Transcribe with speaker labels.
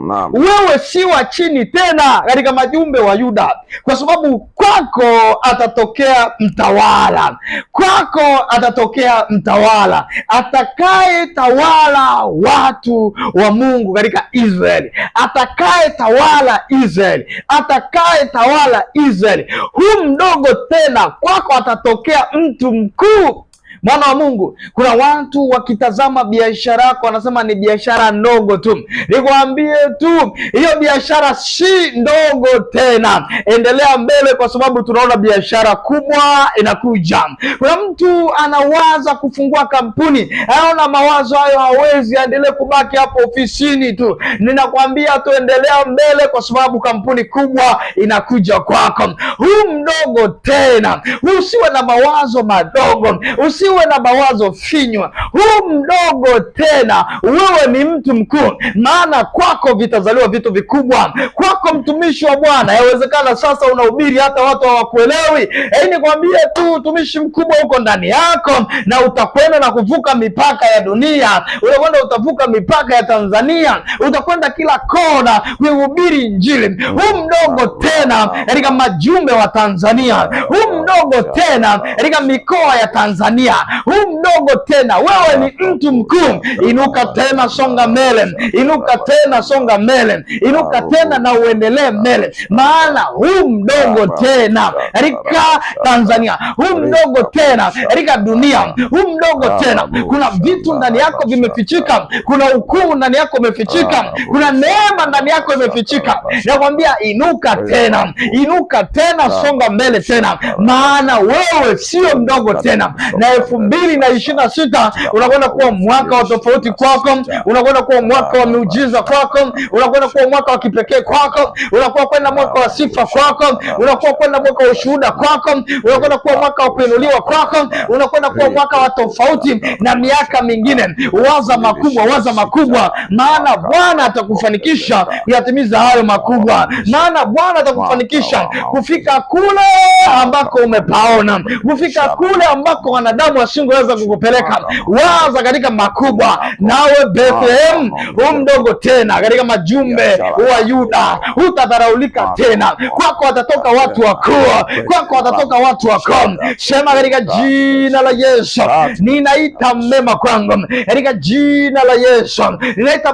Speaker 1: Naam. Wewe si wa chini tena katika majumbe wa Yuda, kwa sababu kwako atatokea mtawala, kwako atatokea mtawala atakaye tawala watu wa Mungu katika Israeli, atakaye tawala Israeli, atakaye tawala Israeli. Hu mdogo tena, kwako atatokea mtu mkuu Mwana wa Mungu, kuna watu wakitazama biashara yako wanasema ni biashara ndogo tu. Nikwambie tu hiyo biashara si ndogo tena, endelea mbele, kwa sababu tunaona biashara kubwa inakuja. Kuna mtu anawaza kufungua kampuni, anaona mawazo hayo hawezi, aendelee kubaki hapo ofisini tu. Ninakwambia tu, endelea mbele, kwa sababu kampuni kubwa inakuja kwako. Huu mdogo tena, usiwe na mawazo madogo, usiwe usiwe na mawazo finywa, huu mdogo tena, wewe ni mtu mkuu, maana kwako vitazaliwa vitu vikubwa. Kwako mtumishi wa Bwana, yawezekana sasa unahubiri hata watu hawakuelewi. Hei, nikwambie tu utumishi mkubwa uko ndani yako, na utakwenda na kuvuka mipaka ya dunia, utakwenda utavuka mipaka ya Tanzania, utakwenda kila kona kuihubiri Injili. Huu mdogo tena katika majumbe wa Tanzania huu mdogo tena katika mikoa ya Tanzania, huu mdogo tena. Wewe ni mtu mkuu, inuka tena, songa mbele, inuka tena, songa mbele, inuka tena na uendelee mbele, maana huu mdogo tena katika Tanzania, huu mdogo tena katika dunia, huu mdogo tena. Kuna vitu ndani yako vimefichika, kuna ukuu ndani yako umefichika, kuna neema ndani yako imefichika. Nakwambia inuka tena, inuka tena, songa mbele tena Ma maana wewe sio mdogo tena, na elfu mbili na ishirini na sita unakwenda kuwa mwaka wa tofauti kwako, unakwenda kuwa mwaka wa miujiza kwako, unakwenda kuwa mwaka wa kipekee kwako, unakuwa kwenda mwaka wa sifa kwako, unakuwa kwenda mwaka wa ushuhuda kwako, unakwenda kuwa mwaka wa kuinuliwa kwako, unakwenda kuwa mwaka wa tofauti na miaka mingine. Waza makubwa, waza makubwa, maana Bwana atakufanikisha kuyatimiza hayo makubwa, maana Bwana atakufanikisha kufika kule ambako umepaona. Kufika kule ambako wanadamu wasingeweza kukupeleka, waza katika makubwa, nawe Bethlehem u mdogo tena, katika majumbe wa Yuda hutadharaulika tena. Kwako watatoka watu wakuu, kwako watatoka watu wakuu. Sema katika jina la Yesu, ninaita mema kwangu, katika jina la Yesu ninaita